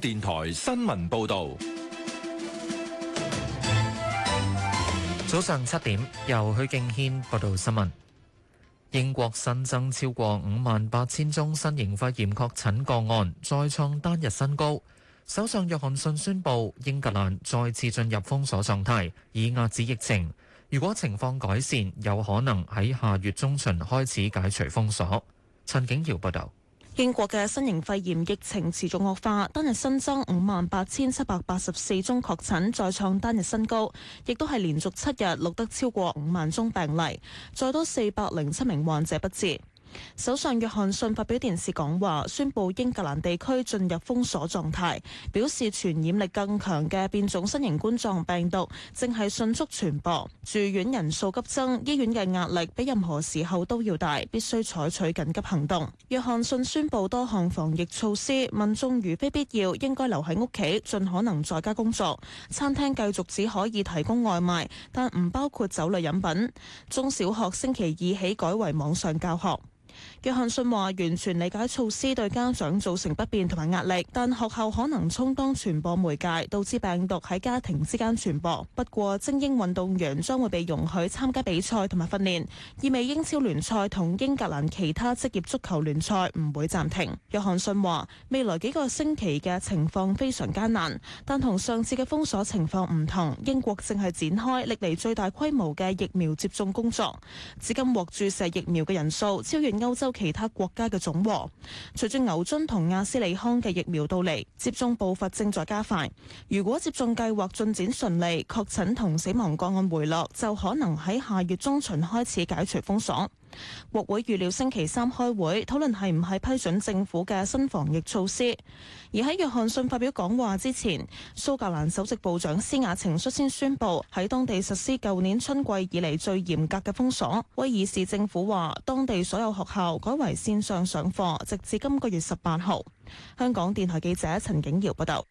電台新聞報道：早上七點，由許敬軒報道新聞。英國新增超過五萬八千宗新型肺炎確診個案，再創單日新高。首相約翰遜宣布，英格蘭再次進入封鎖狀態，以遏止疫情。如果情況改善，有可能喺下月中旬開始解除封鎖。陳景堯報道。英國嘅新型肺炎疫情持續惡化，當日新增五萬八千七百八十四宗確診，再創單日新高，亦都係連續七日錄得超過五萬宗病例，再多四百零七名患者不治。首相約翰遜發表電視講話，宣布英格蘭地區進入封鎖狀態，表示傳染力更強嘅變種新型冠狀病毒正係迅速傳播，住院人數急增，醫院嘅壓力比任何時候都要大，必須採取緊急行動。約翰遜宣布多項防疫措施，民眾如非必要應該留喺屋企，盡可能在家工作。餐廳繼續只可以提供外賣，但唔包括酒類飲品。中小學星期二起改為網上教學。約翰遜話：完全理解措施對家長造成不便同埋壓力，但學校可能充當傳播媒介，導致病毒喺家庭之間傳播。不過，精英運動員將會被容許參加比賽同埋訓練，意味英超聯賽同英格蘭其他職業足球聯賽唔會暫停。約翰遜話：未來幾個星期嘅情況非常艱難，但同上次嘅封鎖情況唔同，英國正係展開歷嚟最大規模嘅疫苗接種工作。至今獲注射疫苗嘅人數超越。歐洲其他國家嘅總和，隨住牛津同阿斯利康嘅疫苗到嚟，接種步伐正在加快。如果接種計劃進展順利，確診同死亡個案回落，就可能喺下月中旬開始解除封鎖。國會預料星期三開會討論係唔係批准政府嘅新防疫措施，而喺約翰遜發表講話之前，蘇格蘭首席部長施雅晴率先宣布喺當地實施舊年春季以嚟最嚴格嘅封鎖。威爾士政府話，當地所有學校改為線上上課，直至今個月十八號。香港電台記者陳景堯報道。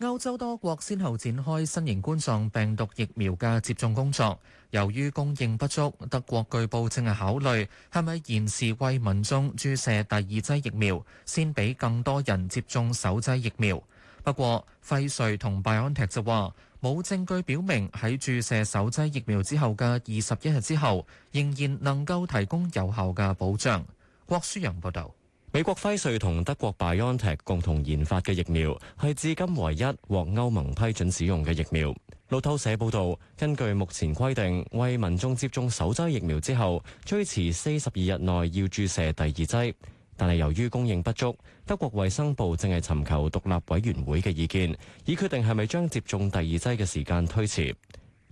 歐洲多國先後展開新型冠狀病毒疫苗嘅接種工作，由於供應不足，德國據報正係考慮係咪延時為民眾注射第二劑疫苗，先俾更多人接種首劑疫苗。不過，輝瑞同拜安迪就話，冇證據表明喺注射首劑疫苗之後嘅二十一日之後，仍然能夠提供有效嘅保障。郭書洋報道。美國輝瑞同德國 BioNTech 共同研發嘅疫苗，係至今唯一獲歐盟批准使用嘅疫苗。路透社報道，根據目前規定，為民眾接種首劑疫苗之後，推遲四十二日內要注射第二劑。但係由於供應不足，德國衛生部正係尋求獨立委員會嘅意見，以決定係咪將接種第二劑嘅時間推遲。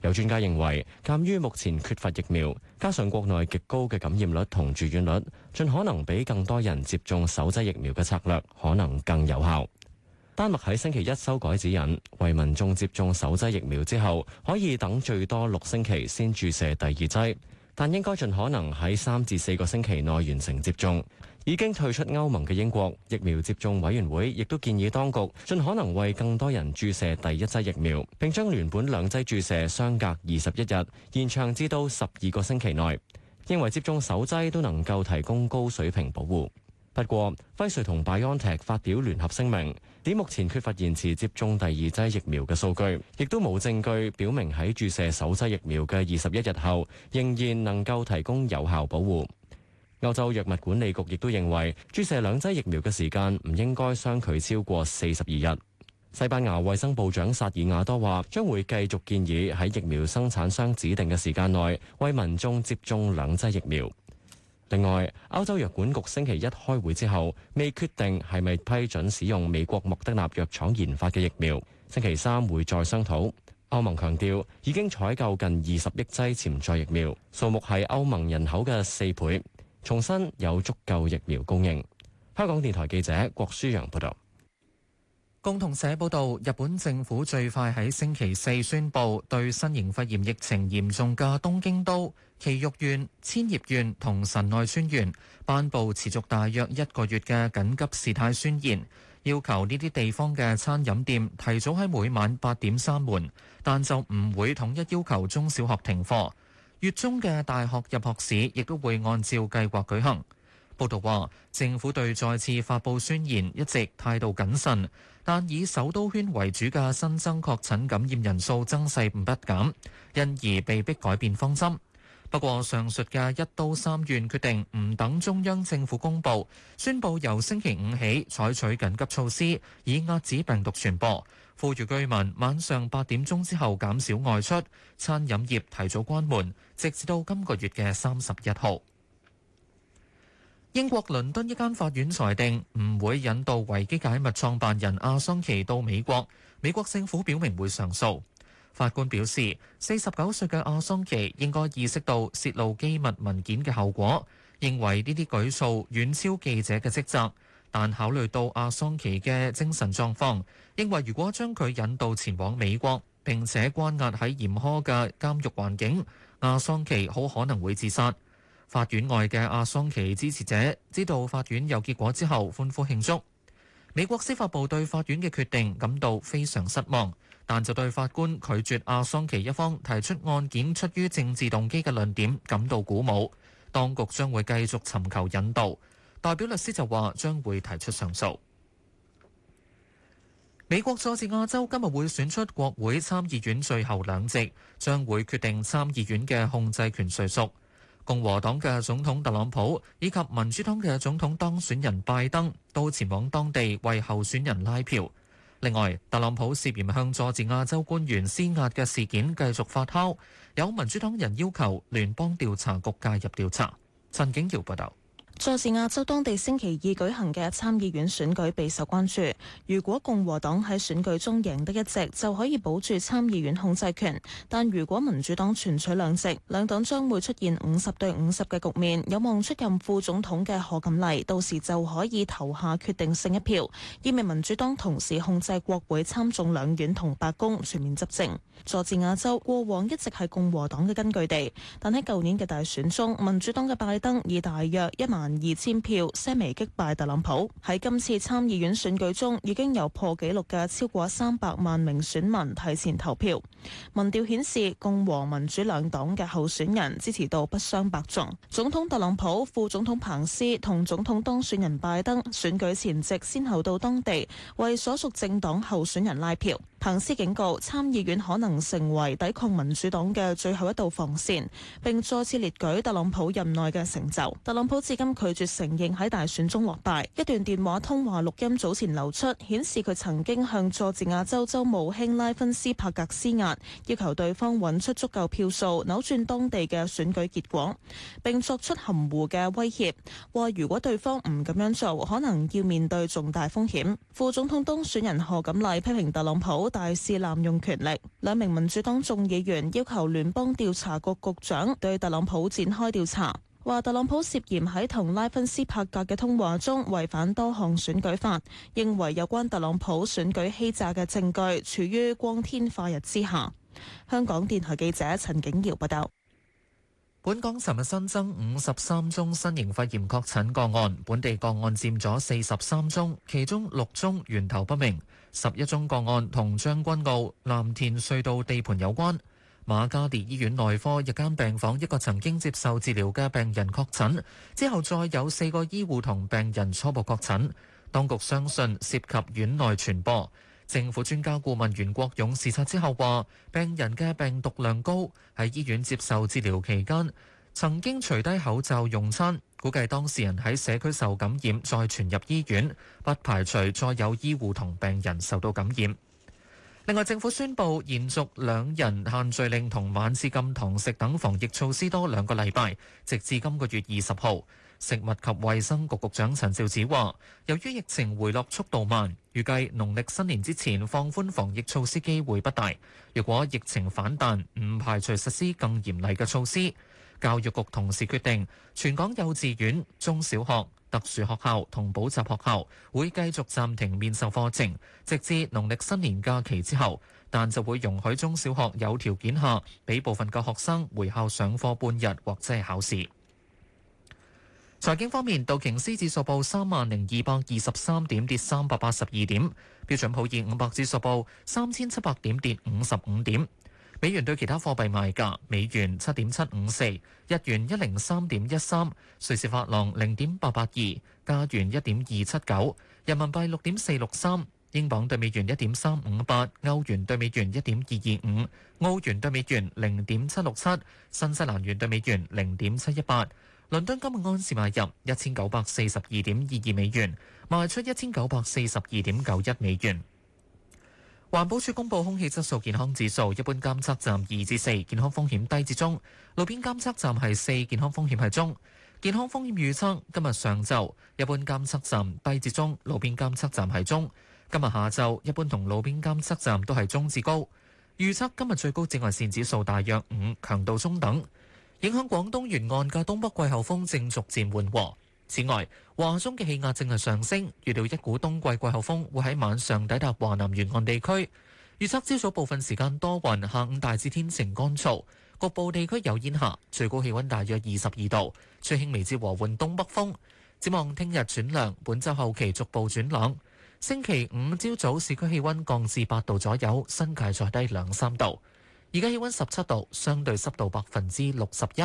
有專家認為，鑒於目前缺乏疫苗，加上國內極高嘅感染率同住院率，盡可能畀更多人接種首劑疫苗嘅策略，可能更有效。丹麥喺星期一修改指引，為民眾接種首劑疫苗之後，可以等最多六星期先注射第二劑。但應該盡可能喺三至四個星期內完成接種。已經退出歐盟嘅英國疫苗接種委員會亦都建議當局盡可能為更多人注射第一劑疫苗，並將原本兩劑注射相隔二十一日延長至到十二個星期內，認為接種首劑都能夠提供高水平保護。不過，輝瑞同拜安特發表聯合聲明，指目前缺乏延遲接種第二劑疫苗嘅數據，亦都冇證據表明喺注射首劑疫苗嘅二十一日後，仍然能夠提供有效保護。歐洲藥物管理局亦都認為，注射兩劑疫苗嘅時間唔應該相距超過四十二日。西班牙衛生部長薩爾亞多話，將會繼續建議喺疫苗生產商指定嘅時間內，為民眾接種兩劑疫苗。另外，歐洲藥管局星期一開會之後，未決定係咪批准使用美國莫德納藥廠研發嘅疫苗，星期三會再商討。歐盟強調已經採購近二十億劑潛在疫苗，數目係歐盟人口嘅四倍，重申有足夠疫苗供應。香港電台記者郭舒揚報道。共同社報道，日本政府最快喺星期四宣布，對新型肺炎疫情嚴重嘅東京都、埼玉縣、千葉縣同神奈川縣頒布持續大約一個月嘅緊急事態宣言，要求呢啲地方嘅餐飲店提早喺每晚八點閂門，但就唔會統一要求中小學停課。月中嘅大學入學試亦都會按照計劃舉行。報道話，政府對再次發布宣言一直態度謹慎。但以首都圈為主嘅新增確診感染人數增勢不減，因而被迫改變方針。不過上述嘅一都三縣決定唔等中央政府公布，宣布由星期五起採取緊急措施，以遏止病毒傳播，呼籲居民晚上八點鐘之後減少外出，餐飲業提早關門，直至到今個月嘅三十一號。英國倫敦一間法院裁定，唔會引渡維基解密創辦人阿桑奇到美國。美國政府表明會上訴。法官表示，四十九歲嘅阿桑奇應該意識到泄露機密文件嘅後果，認為呢啲舉措遠超記者嘅職責。但考慮到阿桑奇嘅精神狀況，認為如果將佢引渡前往美國並且關押喺嚴苛嘅監獄環境，阿桑奇好可能會自殺。法院外嘅阿桑奇支持者知道法院有結果之後歡呼慶祝。美國司法部對法院嘅決定感到非常失望，但就對法官拒絕阿桑奇一方提出案件出於政治動機嘅論點感到鼓舞。當局將會繼續尋求引渡，代表律師就話將會提出上訴。美國佐治亞州今日會選出國會參議院最後兩席，將會決定參議院嘅控制權誰屬。共和黨嘅總統特朗普以及民主黨嘅總統當選人拜登都前往當地為候選人拉票。另外，特朗普涉嫌向佐治亞州官員施壓嘅事件繼續發酵，有民主黨人要求聯邦調查局介入調查。陳景耀報道。佐治亞州當地星期二舉行嘅參議院選舉備受關注。如果共和黨喺選舉中贏得一席，就可以保住參議院控制權；但如果民主黨全取兩席，兩黨將會出現五十對五十嘅局面。有望出任副總統嘅賀錦麗，到時就可以投下決定性一票，意味民主黨同時控制國會參眾兩院同白宮全面執政。佐治亞州過往一直係共和黨嘅根據地，但喺舊年嘅大選中，民主黨嘅拜登以大約一萬二千票，些微擊敗特朗普。喺今次參議院選舉中，已經有破紀錄嘅超過三百萬名選民提前投票。民調顯示共和民主兩黨嘅候選人支持度不相伯仲。總統特朗普、副總統彭斯同總統當選人拜登，選舉前夕先後到當地為所屬政黨候選人拉票。彭斯警告參議院可能成為抵抗民主黨嘅最後一道防線，並再次列舉特朗普任內嘅成就。特朗普至今拒絕承認喺大選中落敗，一段電話通話錄音早前流出，顯示佢曾經向佐治亞州州務卿拉芬斯帕格施壓，要求對方揾出足夠票數扭轉當地嘅選舉結果，並作出含糊嘅威脅，話如果對方唔咁樣做，可能要面對重大風險。副總統當選人何錦麗批評特朗普。大肆濫用權力，兩名民主黨眾議員要求聯邦調查局局長對特朗普展開調查，話特朗普涉嫌喺同拉芬斯帕格嘅通話中違反多項選舉法，認為有關特朗普選舉欺詐嘅證據處於光天化日之下。香港電台記者陳景瑤報道。本港尋日新增五十三宗新型肺炎確診個案，本地個案占咗四十三宗，其中六宗源頭不明，十一宗個案同將軍澳藍田隧道地盤有關。瑪嘉烈醫院內科日間病房一個曾經接受治療嘅病人確診之後，再有四個醫護同病人初步確診，當局相信涉及院內傳播。政府專家顧問袁國勇視察之後話：病人嘅病毒量高，喺醫院接受治療期間曾經除低口罩用餐，估計當事人喺社區受感染再傳入醫院，不排除再有醫護同病人受到感染。另外，政府宣布延續兩人限聚令同晚市禁堂食等防疫措施多兩個禮拜，直至今個月二十號。食物及衛生局局長陳肇始話：由於疫情回落速度慢，預計農曆新年之前放寬防疫措施機會不大。如果疫情反彈，唔排除實施更嚴厲嘅措施。教育局同時決定，全港幼稚園、中小學、特殊學校同補習學校會繼續暫停面授課程，直至農曆新年假期之後。但就會容許中小學有條件下，俾部分嘅學生回校上課半日或者係考試。財經方面，道瓊斯指數報三萬零二百二十三點，跌三百八十二點；標準普爾五百指數報三千七百點，跌五十五點。美元對其他貨幣賣價：美元七點七五四，日元一零三點一三，瑞士法郎零點八八二，加元一點二七九，人民幣六點四六三，英鎊對美元一點三五八，歐元對美元一點二二五，澳元對美元零點七六七，新西蘭元對美元零點七一八。倫敦今日安時買入一千九百四十二點二二美元，賣出一千九百四十二點九一美元。環保署公布空氣質素健康指數，一般監測站二至四，健康風險低至中；路邊監測站係四，健康風險係中。健康風險預測今日上晝一般監測站低至中，路邊監測站係中；今日下晝一般同路邊監測站都係中至高。預測今日最高紫外線指數大約五，強度中等。影響廣東沿岸嘅東北季候風正逐漸緩和。此外，華中嘅氣壓正係上升，預料一股冬季季候風會喺晚上抵達華南沿岸地區。預測朝早部分時間多雲，下午大致天晴乾燥，局部地區有煙霞。最高氣溫大約二十二度，吹輕微至和緩東北風。展望聽日轉涼，本週後期逐步轉冷。星期五朝早市區氣溫降至八度左右，新界再低兩三度。而家氣温十七度，相對濕度百分之六十一。